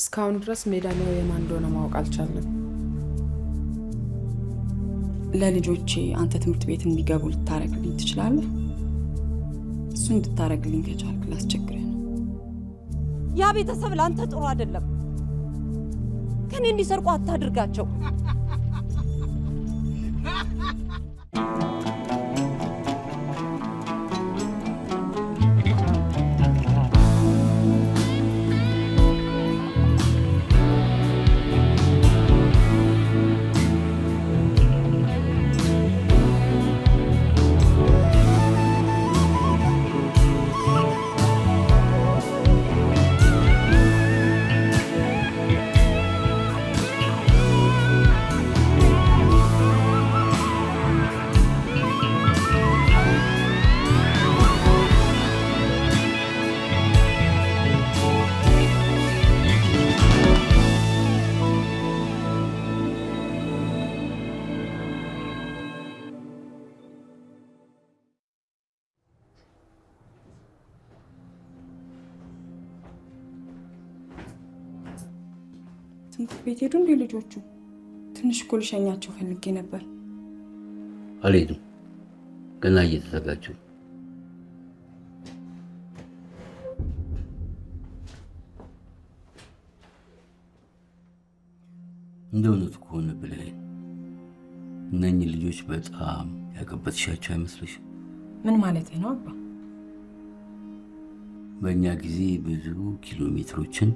እስካሁን ድረስ ሜዳሊያው የማን እንደሆነ ማወቅ አልቻለም። ለልጆቼ አንተ ትምህርት ቤት እንዲገቡ ልታረግልኝ ትችላለህ? እሱ እንድታረግልኝ ከቻልክ ላስቸግርህ ነው። ያ ቤተሰብ ለአንተ ጥሩ አይደለም። ከኔ እንዲሰርቁ አታድርጋቸው። ቤት ሄዱ እንዴ ልጆቹ? ትንሽ እኮ ልሸኛቸው ፈልጌ ነበር። አልሄዱም፣ ገና እየተዘጋጁ እንደ እውነቱ ከሆነ ብለህ እነኚህ ልጆች በጣም ያቀበትሻቸው አይመስልሽም? ምን ማለት ነው አባ? በእኛ ጊዜ ብዙ ኪሎ ሜትሮችን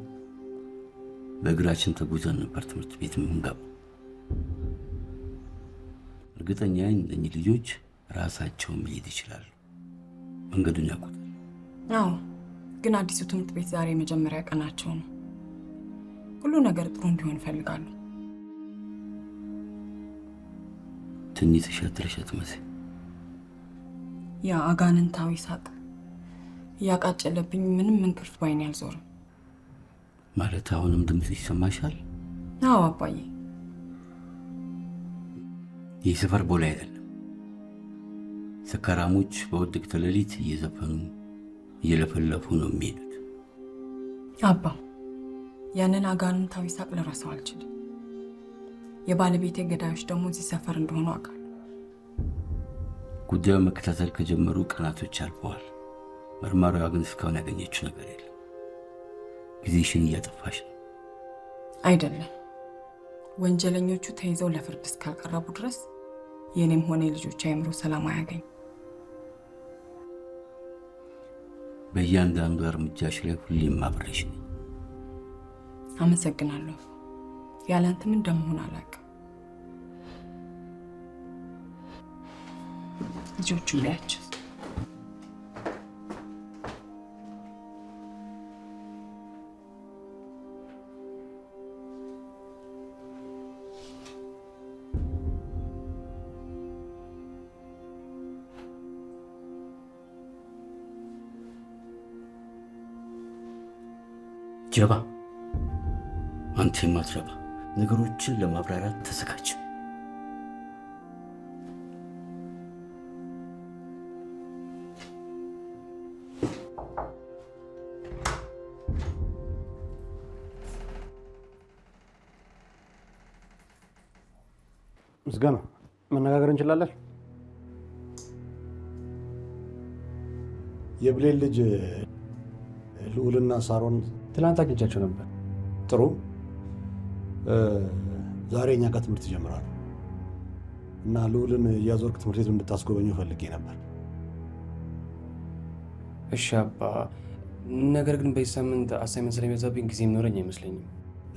በእግራችን ተጉዘን ነበር ትምህርት ቤት የምንገባው። እርግጠኛ እነኚህ ልጆች ራሳቸውን መሄድ ይችላሉ፣ መንገዱን ያውቁታል። አዎ፣ ግን አዲሱ ትምህርት ቤት ዛሬ የመጀመሪያ ቀናቸው ነው። ሁሉ ነገር ጥሩ እንዲሆን ይፈልጋሉ። ትንሽ እሸት እሸት ያ አጋንንታዊ ሳቅ እያቃጨለብኝ ምንም እንቅልፍ ባይን ያልዞርም ማለት አሁንም ድምፅ ይሰማሻል? አዎ አባዬ። ይህ ሰፈር ቦሌ አይደለም። ሰካራሞች በውድቅት ሌሊት እየዘፈኑ እየለፈለፉ ነው የሚሄዱት። አባ ያንን አጋንንታዊ ሳቅ ልረሳው አልችልም። የባለቤቴ ገዳዮች ደግሞ እዚህ ሰፈር እንደሆኑ አውቃለሁ። ጉዳዩ መከታተል ከጀመሩ ቀናቶች አልፈዋል። መርማሪዋ ግን እስካሁን ያገኘችው ነገር የለም። ጊዜሽን እያጠፋሽ ነው። አይደለም ወንጀለኞቹ ተይዘው ለፍርድ እስካልቀረቡ ድረስ የእኔም ሆነ የልጆች አይምሮ ሰላም አያገኝ። በእያንዳንዱ እርምጃሽ ላይ ሁሌም አብሬሽ ነኝ። አመሰግናለሁ። ያለ አንተ ምን እንደምሆን አላውቅም። ልጆቹ ላያቸው አትረባ፣ አንተም አትረባ። ነገሮችን ለማብራራት ተዘጋጅ። ምስጋና መነጋገር እንችላለን። የብሌን ልጅ ልዑልና ሳሮን ትላንት አግኝቻቸው ነበር። ጥሩ። ዛሬ እኛ ጋር ትምህርት ይጀምራሉ እና ልዑልን እያዞርክ ትምህርት ቤቱን እንድታስጎበኘው ፈልጌ ነበር። እሺ አባ፣ ነገር ግን በዚህ ሳምንት አሳይመንት ስለሚበዛብኝ ጊዜ የሚኖረኝ አይመስለኝም።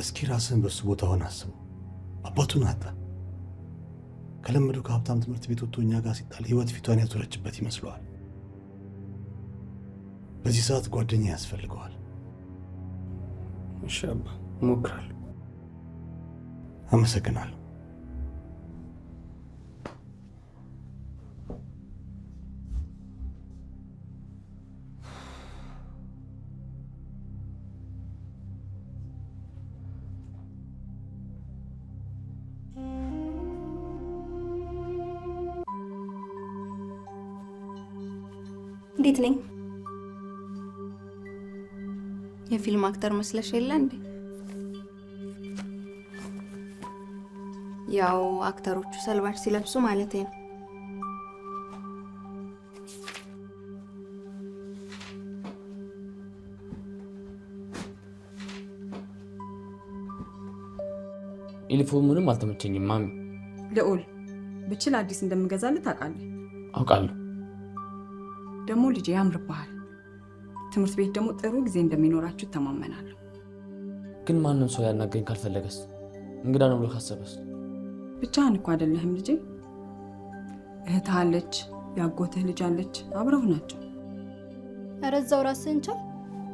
እስኪ ራስህን በእሱ ቦታ ሆነ አስበው። አባቱን አጣ። ከለመደው ከሀብታም ትምህርት ቤት ወጥቶ እኛ ጋር ሲጣል ህይወት ፊቷን ያዞረችበት ይመስለዋል። በዚህ ሰዓት ጓደኛ ያስፈልገዋል። እሺ አባ እሞክራለሁ። አመሰግናለሁ። እንዴት ነኝ? የፊልም አክተር መስለሽ የለ እንዴ? ያው አክተሮቹ ሰልባሽ ሲለብሱ ማለት ነው። ዩኒፎርሙንም አልተመቸኝም ማሚ። ልዑል ብችል አዲስ እንደምገዛልህ ታውቃለህ። አውቃለሁ። ደግሞ ልጄ ያምርብሃል። ትምህርት ቤት ደግሞ ጥሩ ጊዜ እንደሚኖራችሁ ተማመናለሁ። ግን ማንም ሰው ያናገኝ ካልፈለገስ? እንግዳ ነው ብሎ ካሰበስ? ብቻህን እኮ አይደለህም ልጄ። እህትህ አለች፣ ያጎትህ ልጅ አለች፣ አብረው ናቸው። ኧረ እዛው ራስህን ቻል።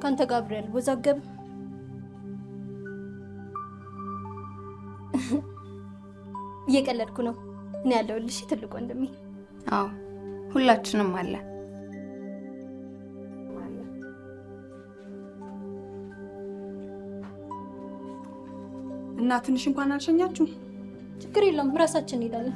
ከአንተ ጋር አብሬ አልወዛገብም። እየቀለድኩ ነው። እኔ ያለሁልሽ ትልቅ ወንድሜ። አዎ ሁላችንም አለን። እና ትንሽ እንኳን አልሸኛችሁ? ችግር የለውም፣ ራሳችን እንሄዳለን።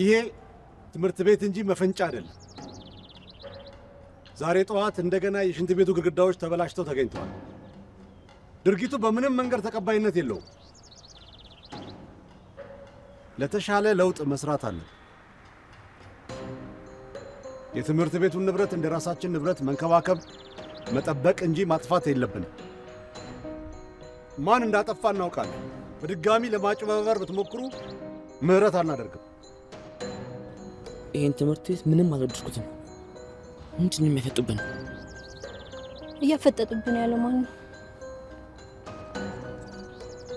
ይሄ ትምህርት ቤት እንጂ መፈንጫ አይደለም። ዛሬ ጠዋት እንደገና የሽንት ቤቱ ግድግዳዎች ተበላሽተው ተገኝተዋል። ድርጊቱ በምንም መንገድ ተቀባይነት የለውም። ለተሻለ ለውጥ መስራት አለን። የትምህርት ቤቱን ንብረት እንደ ራሳችን ንብረት መንከባከብ፣ መጠበቅ እንጂ ማጥፋት የለብንም። ማን እንዳጠፋ እናውቃለን። በድጋሚ ለማጭበርበር ብትሞክሩ ምህረት አናደርግም። ይሄን ትምህርት ቤት ምንም አልወደድኩትም። ምንድን ነው የሚያፈጡብን? እያፈጠጡብን ያለው ማን ነው?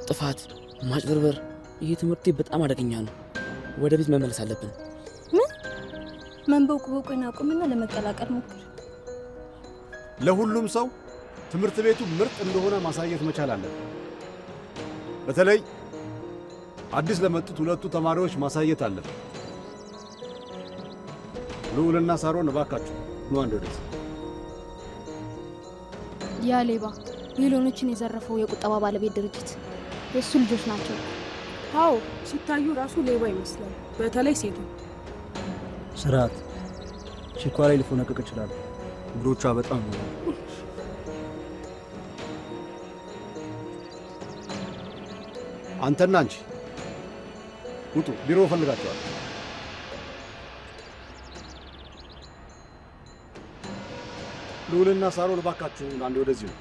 ጥፋት፣ ማጭበርበር። ይሄ ትምህርት ቤት በጣም አደገኛ ነው። ወደ ቤት መመለስ አለብን። ምን መንበውቅ በውቅን አቁምና ለመቀላቀል ሞክር። ለሁሉም ሰው ትምህርት ቤቱ ምርጥ እንደሆነ ማሳየት መቻል አለብን። በተለይ አዲስ ለመጡት ሁለቱ ተማሪዎች ማሳየት አለብን። ልዑልና ሳሮን እባካችሁ ኑ አንድ ወደዚህ። ያ ሌባ ሚሊዮኖችን የዘረፈው የቁጠባ ባለቤት ድርጅት የእሱ ልጆች ናቸው። አዎ ሲታዩ ራሱ ሌባ ይመስላል። በተለይ ሴቱ ስርዓት ቺኳ ላይ ሊፎነቅቅ ይችላል። እግሮቿ በጣም ነው አንተና አንቺ ውጡ፣ ቢሮ እፈልጋቸዋለሁ። ልዑልና ሳሮን እባካችሁ አንዴ ወደዚህ ነው።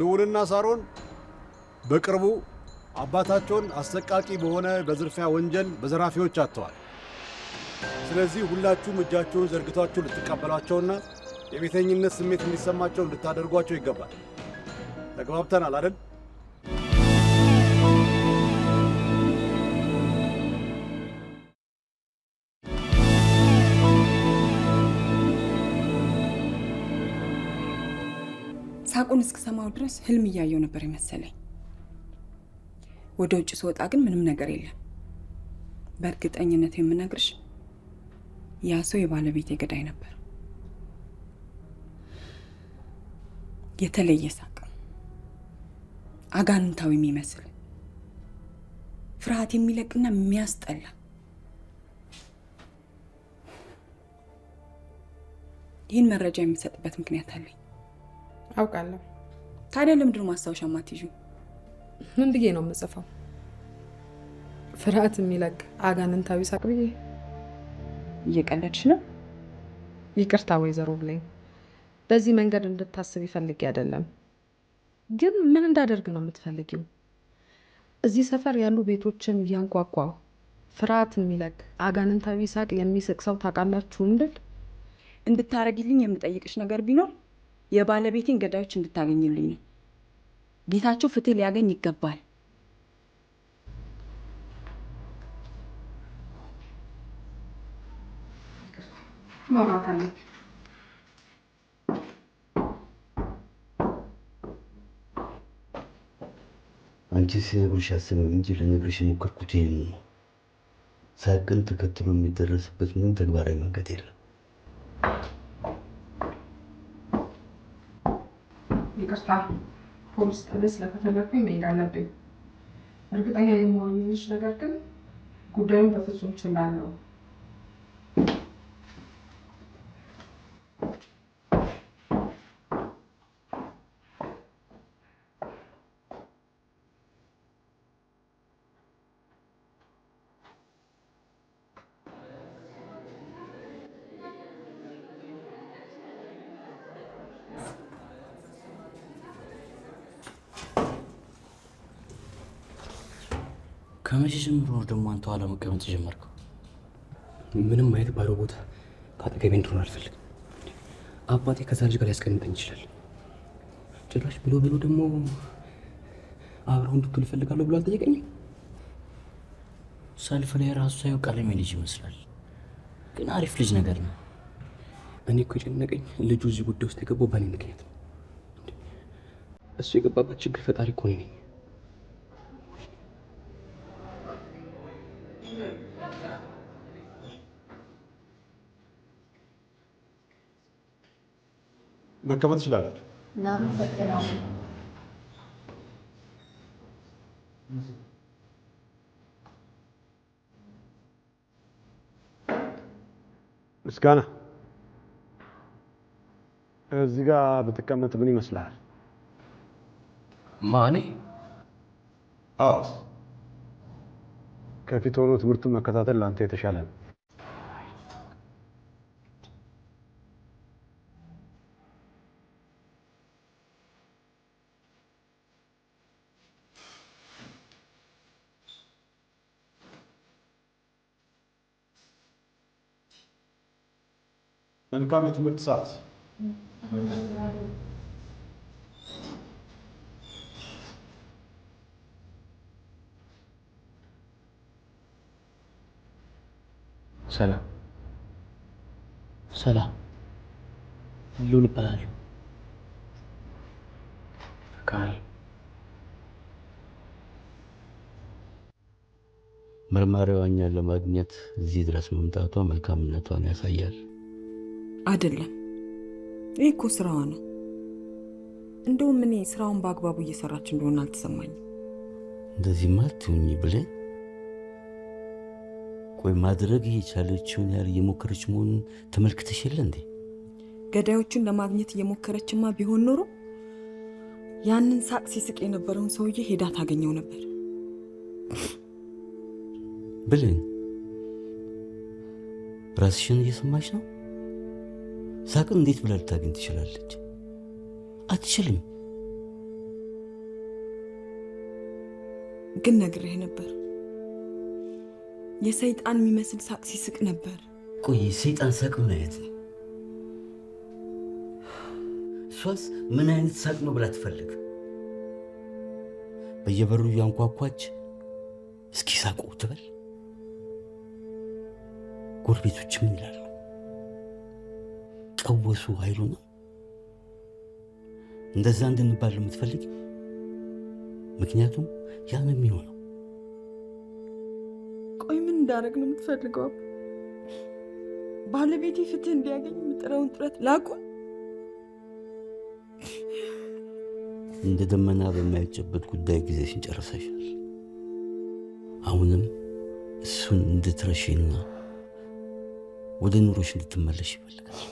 ልዑልና ሳሮን በቅርቡ አባታቸውን አሰቃቂ በሆነ በዝርፊያ ወንጀል በዘራፊዎች አጥተዋል። ስለዚህ ሁላችሁም እጃችሁን ዘርግታችሁ ልትቀበሏቸውና የቤተኝነት ስሜት እንዲሰማቸው ልታደርጓቸው ይገባል። ተግባብተናል አይደል? ሳቁን እስክሰማው ድረስ ህልም እያየው ነበር የመሰለኝ። ወደ ውጭ ስወጣ ግን ምንም ነገር የለም። በእርግጠኝነት የምነግርሽ ያ ሰው የባለቤቴ ገዳይ ነበር። የተለየ ሳቅ፣ አጋንንታዊ የሚመስል ፍርሃት የሚለቅና የሚያስጠላ ይህን መረጃ የምሰጥበት ምክንያት አለኝ። አውቃለሁ። ታዲያ ለምንድን ማስታወሻ ማትይዙ? ምን ብዬ ነው የምጽፈው? ፍርሃት የሚለቅ አጋንንታዊ ሳቅ ብዬ። እየቀለድሽ ነው? ይቅርታ ወይዘሮ ብለኝ በዚህ መንገድ እንድታስብ ይፈልግ አይደለም። ግን ምን እንዳደርግ ነው የምትፈልጊው? እዚህ ሰፈር ያሉ ቤቶችን እያንኳኳ ፍርሃት የሚለቅ አጋንንታዊ ሳቅ የሚስቅ ሰው ታውቃላችሁ እንድል እንድታረግልኝ የምጠይቅሽ ነገር ቢኖር የባለቤቴን ገዳዮች እንድታገኝልኝ ነው። ጌታቸው ፍትህ ሊያገኝ ይገባል። አንቺ ሲነግሩሽ አስበው እንጂ ልነግርሽ የሞከርኩት ይህን ነው። ሳቅን ተከትሎ የሚደረስበት ምንም ተግባራዊ መንገድ የለም። ይቅርታ ፖሊስ ጣቢያ ስለተፈለግኩኝ መሄድ አለብኝ። እርግጠኛ የመሆንሽ ነገር ግን ጉዳዩን በፍጹም ችላለሁ። ከመቼ ጀምሮ ነው ደግሞ አንተ ኋላ መቀመጥ የጀመርከው? ምንም አይነት ባዶ ቦታ ከአጠገቤ እንድሆን አልፈልግም። አባቴ ከዛ ልጅ ጋር ሊያስቀምጠኝ ይችላል። ጭራሽ ብሎ ብሎ ደግሞ አብረው እንድትል እፈልጋለሁ ብሎ አልጠየቀኝም። ሰልፍ ላይ ራሱ ሳይው ቀለሜ ልጅ ይመስላል፣ ግን አሪፍ ልጅ ነገር ነው። እኔ እኮ የጨነቀኝ ልጁ እዚህ ጉዳይ ውስጥ የገባው በእኔ ምክንያት ነው። እሱ የገባበት ችግር ፈጣሪ እኮ እኔ ነኝ። መቀመጥ ትችላላችሁ። ምስጋና እዚህ ጋር ብትቀመጥ ምን ይመስልሃል? ማኔ አዎ፣ ከፊት ሆኖ ትምህርቱን መከታተል ለአንተ የተሻለ ነው። መልካም የትምህርት ሰዓት። ሰላም ሰላም፣ ልዑል እባላለሁ። ፍቃል መርማሪዋኛን ለማግኘት እዚህ ድረስ መምጣቷ መልካምነቷን ያሳያል። አይደለም። ይህ እኮ ስራዋ ነው። እንደውም እኔ ስራውን በአግባቡ እየሰራች እንደሆነ አልተሰማኝም። እንደዚህ ማትሁኝ ብለ ቆይ ማድረግ የቻለችውን ያህል እየሞከረች መሆኑን ተመልክተሽ የለ እንዴ? ገዳዮቹን ለማግኘት እየሞከረችማ ቢሆን ኖሮ ያንን ሳቅ ሲስቅ የነበረውን ሰውዬ ሄዳ ታገኘው ነበር። ብለን ራስሽን እየሰማች ነው ሳቅን እንዴት ብላ ልታገኝ ትችላለች? አትችልም። ግን ነግሬህ ነበር። የሰይጣን የሚመስል ሳቅ ሲስቅ ነበር። ቆይ ሰይጣን ሳቅ ምን አይነት ነው? እሷስ ምን አይነት ሳቅ ነው ብላ ትፈልግ? በየበሩ እያንኳኳች እስኪ ሳቁ ትበል። ጎረቤቶች ምን ይላሉ? ኃይሉ ነው። እንደዛ እንድንባል የምትፈልግ ምክንያቱም ያን የሚሆነው ቆይ ምን እንዳደረግ ነው የምትፈልገው? ባለቤቴ ፍትህ እንዲያገኝ የምጥረውን ጥረት ላቁ እንደ ደመና በማይጨበት ጉዳይ ጊዜ ሲንጨርሰሻል። አሁንም እሱን እንድትረሽና ወደ ኑሮሽ እንድትመለሽ ይፈልጋል።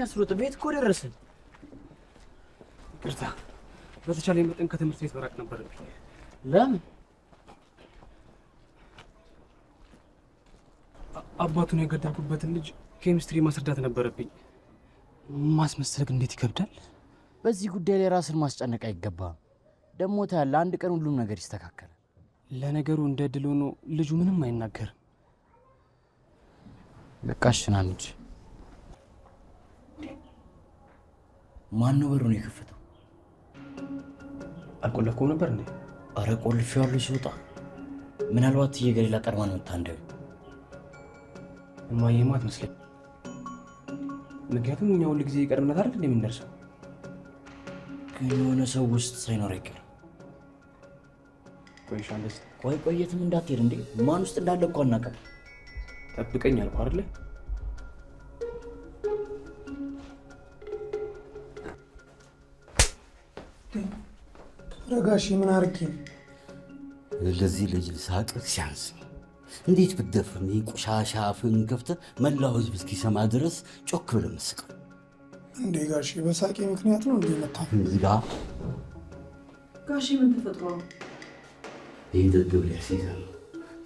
የሚያስሩት ቤት እኮ ደረስን። ይቅርታ፣ በተቻለ መጠን ከትምህርት ቤት መራቅ ነበረብኝ። ለምን? አባቱን የገደልኩበትን ልጅ ኬሚስትሪ ማስረዳት ነበረብኝ። ማስመሰል እንዴት ይከብዳል። በዚህ ጉዳይ ላይ ራስን ማስጨነቅ አይገባም። ደግሞ ታያለ፣ አንድ ቀን ሁሉም ነገር ይስተካከላል። ለነገሩ እንደ ድል ሆኖ ልጁ ምንም አይናገርም። በቃ እሺ ና እንጂ ማን ነው በሩን የከፈተው? አልቆለፍኩም ነበር እንዴ? አረ ቆልፌዋለሁ። ሲወጣ ምናልባት እየገሌላ ነው መታ እንደ እማዬማ አትመስለኝም። ምክንያቱም እኛ ሁሉ ጊዜ ቀድምናት አይደል እንደምንደርሰው። ግን የሆነ ሰው ውስጥ ሳይኖር አይቀርም። ቆይ ቆየትም እንዳትሄድ እንዴ። ማን ውስጥ እንዳለ እኮ አናውቅም። ጠብቀኝ አልኩህ አይደለ ረጋሽ ምን አርጌ ለዚህ ልጅ ሳቅ ሲያንስ እንዴት ብትደፍር ይህ ቆሻሻ አፍን ከፍተ መላው ህዝብ እስኪሰማ ድረስ ጮክ ብለህ መስቀው እንዴ? ጋሽ በሳቄ ምክንያት ነው እንዴ መታ ጋ ጋሽ ምን ተፈጥሮ ነው ይህ ድርግብ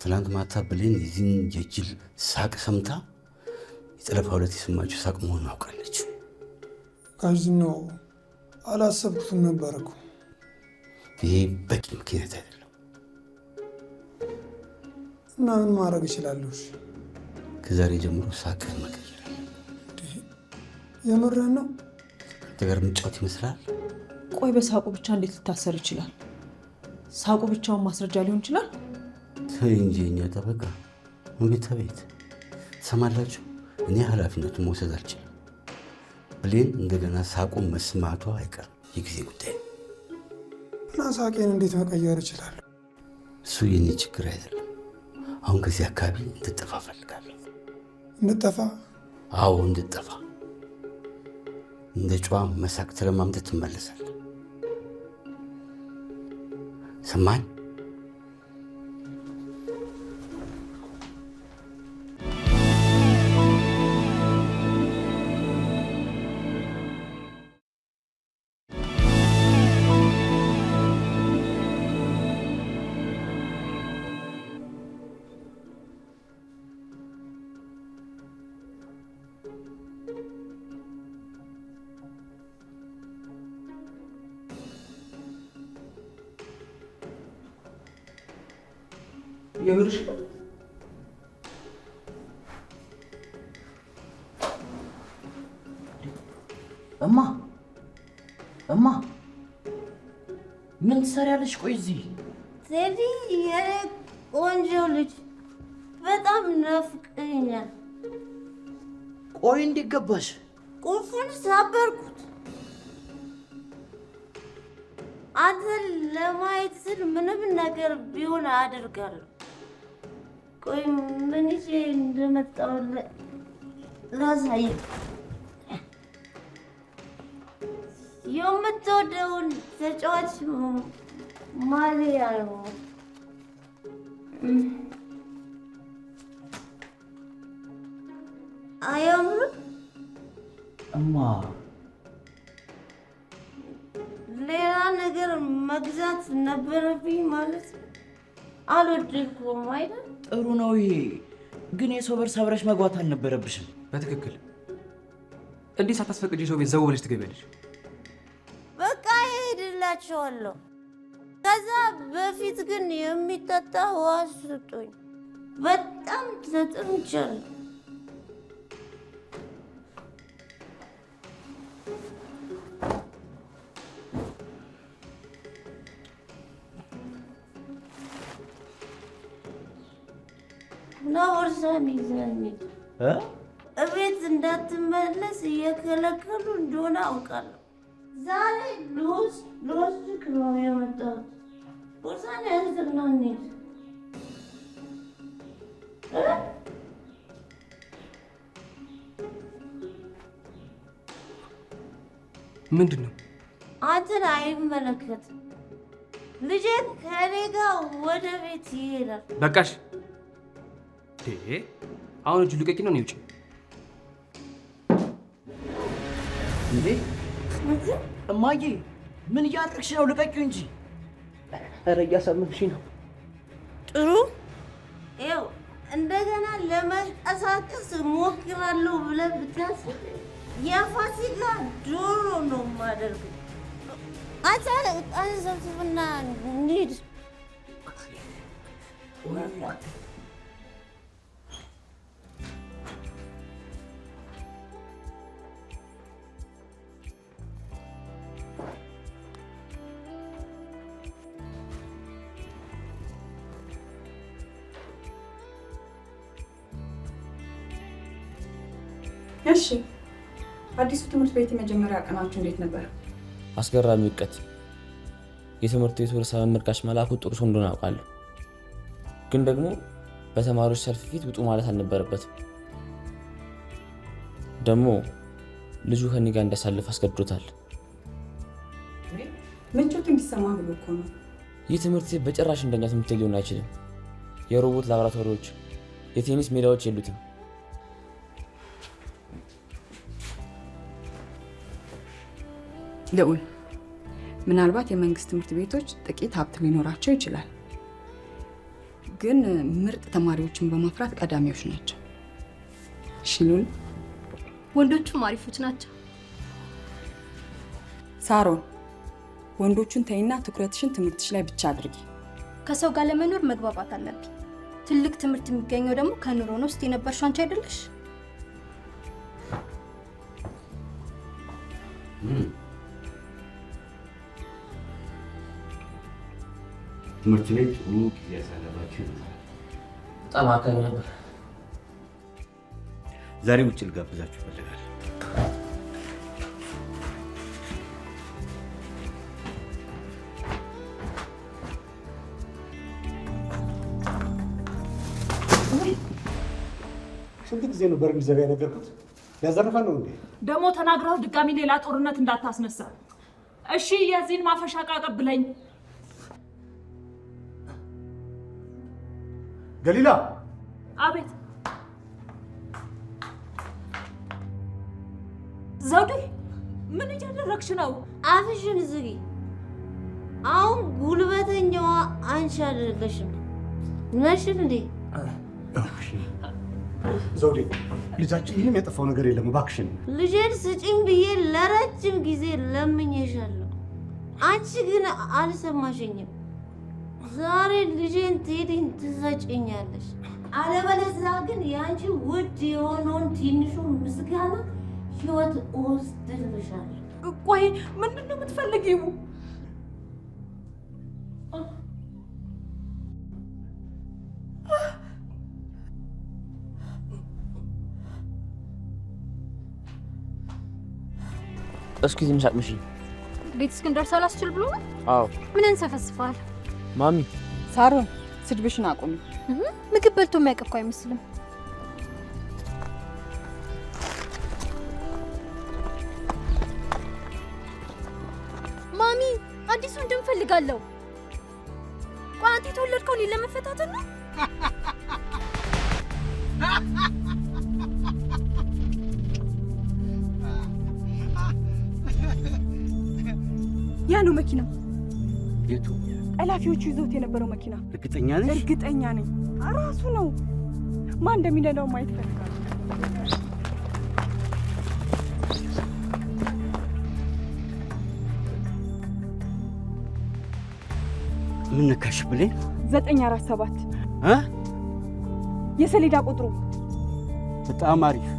ትላንት ማታ ብሌን የዚህን የጅል ሳቅ ሰምታ የጠለፋ ሁለት የሰማችው ሳቅ መሆን አውቃለች። ጋሽ ነው አላሰብኩትም ነበር እኮ ይሄ በቂ ምክንያት አይደለም። እና ምን ማድረግ እችላለሁ? ከዛሬ ጀምሮ ሳቅህን መቀየር የምርህን ነው። አንተ ጋር መጫወት ይመስላል። ቆይ በሳቁ ብቻ እንዴት ሊታሰር ይችላል? ሳቁ ብቻውን ማስረጃ ሊሆን ይችላል። ተይ እንጂ እኛ ጠበቃ ቤት ቤት ሰማላችሁ። እኔ ኃላፊነቱን መውሰድ አልችልም። ብሌን እንደገና ሳቁን መስማቷ አይቀርም፣ የጊዜ ጉዳይ እና ሳቄን እንዴት መቀየር ይችላል? እሱ የኔ ችግር አይደለም። አሁን ከዚህ አካባቢ እንድጠፋ እፈልጋለሁ። እንድጠፋ? አዎ እንድጠፋ። እንደ ጨዋ መሳቅ ተለማምደህ ትመለሳለህ። ሰማኝ የምርሽ እማ እማ ምን ትሰሪያለሽ? ቆይ እዚህ ቴዲ ቆንጆ ልጅ በጣም ናፍቀኛል። ቆይ እንዴት ገባሽ? ቁልፉን ሳበርኩት። አንተን ለማየት ስል ምንም ነገር ቢሆን አደርጋለሁ። ቆይ ምን ይዤ እንደመጣሁ ላሳይ። የምትወደውን ተጫዋች ማሊያ ነው። አያምርም? እማ ሌላ ነገር መግዛት ነበረብኝ ማለት ነው። አልወደድኩም አይደል? ጥሩ ነው ይሄ። ግን የሰው በር ሰብረሽ መግባት አልነበረብሽም። በትክክል እንዲህ ሳታስፈቅጂ የሰው ቤት ዘው ብለሽ ትገቢያለሽ። በቃ ይሄድላቸዋለሁ። ከዛ በፊት ግን የሚጠጣ ውሃ ስጡኝ። በጣም ተጠምቻለሁ። ሳሚ ሳሚ እቤት እንዳትመለስ እየከለከሉ እንደሆነ አውቃለሁ። ዛሬ ልውስ ልውስ ነው የመጣሁት። ቦርሳን ያዝግና እንሂድ። ምንድን ነው? አንተን አይመለከትም። ልጄን ከኔ ጋር ወደ ቤት ይሄዳል። በቃሽ አሁን እጁ ልቀቂ ነው። እኔ ውጭ እንዴ! እማዬ ምን እያጠቅሽ ነው? ልቀቂ እንጂ። ኧረ እያሳመምሽ ነው። ጥሩ ይኸው እንደገና ለመንቀሳቀስ ሞክራለሁ ብለህ ብታስብ የፋሲካ ዶሮ ነው የማደርገው። አንተ አንተ እንሂድ እሺ አዲሱ ትምህርት ቤት የመጀመሪያ ቀናችሁ እንዴት ነበር? አስገራሚ እውቀት። የትምህርት ቤቱ ርዕሰ መምህር ጋሽ መላኩ ጥሩ ሰው እንደሆነ አውቃለሁ፣ ግን ደግሞ በተማሪዎች ሰልፍ ፊት ውጡ ማለት አልነበረበትም። ደግሞ ልጁ ከእኔ ጋር እንዲያሳልፍ አስገድዶታል። ምቾት እንዲሰማ ብሎ እኮ ነው። ይህ ትምህርት ቤት በጭራሽ እንደኛ ትምህርት ሊሆን አይችልም። የሮቦት ላብራቶሪዎች የቴኒስ ሜዳዎች የሉትም። ልዑል ምናልባት የመንግስት ትምህርት ቤቶች ጥቂት ሀብት ሊኖራቸው ይችላል፣ ግን ምርጥ ተማሪዎችን በማፍራት ቀዳሚዎች ናቸው። እሺ ልዑል፣ ወንዶቹም አሪፎች ናቸው። ሳሮን፣ ወንዶቹን ተይና ትኩረትሽን ትምህርትሽ ላይ ብቻ አድርጊ። ከሰው ጋር ለመኖር መግባባት አለብኝ። ትልቅ ትምህርት የሚገኘው ደግሞ ከኑሮ ውስጥ የነበርሽ አንቺ አይደለሽ? ትምህርት ቤት ጥሩ ጊዜ ያሳለፋችሁ? በጣም አካባቢ ነበር። ዛሬ ውጭ ልጋብዛችሁ ይፈልጋል። ስንት ጊዜ ነው በርሚል ዘጋ የነገርኩት? ያዘረፈ ነው እንዴ? ደግሞ ተናግረው ድጋሚ ሌላ ጦርነት እንዳታስነሳ እሺ። የዚህን ማፈሻ ዕቃ ቀብለኝ ገሊላ። አቤት። ዘውዴ፣ ምን እያደረግሽ ነው? አፍሽን ዝጊ። አሁን ጉልበተኛዋ አንቺ አይደለሽም። ነሽን እንዴ? ዘውዴ፣ ልጃችን ምንም ያጠፋው ነገር የለም። እባክሽን ልጄን ስጪኝ ብዬ ለረጅም ጊዜ ለምኜሻለሁ። አንቺ ግን አልሰማሽኝም። ዛሬ ልጄን ቴዲን ትሰጭኛለሽ፣ አለበለዚያ ግን የአንቺ ውድ የሆነውን ትንሹ ምስጋና ህይወት እወስድልሻለሁ። ቆይ ምንድን ነው የምትፈልጊው? እስኪ ትንሽ አቅምሽኝ። ቤት እስክንደርስ አላስችል ብሎ ነው? አዎ። ምን እንሰፈስፈዋል? ማሚ ሳሮን ስድብሽን አቁሚ። ምግብ በልቶ የሚያውቅ እኮ አይመስልም። ማሚ አዲስ ወንድም እፈልጋለሁ። ቆይ አንተ የተወለድከው እኔን ለመፈታተን ነው? ያ ነው መኪናው። ጠላፊዎቹ ይዘውት የነበረው መኪና። እርግጠኛ ነሽ? እርግጠኛ ነኝ። ራሱ ነው። ማን እንደሚነዳው ማየት ፈልጋል። ምን ነካሽ? ብሌን ዘጠኝ አራት ሰባት የሰሌዳ ቁጥሩ በጣም አሪፍ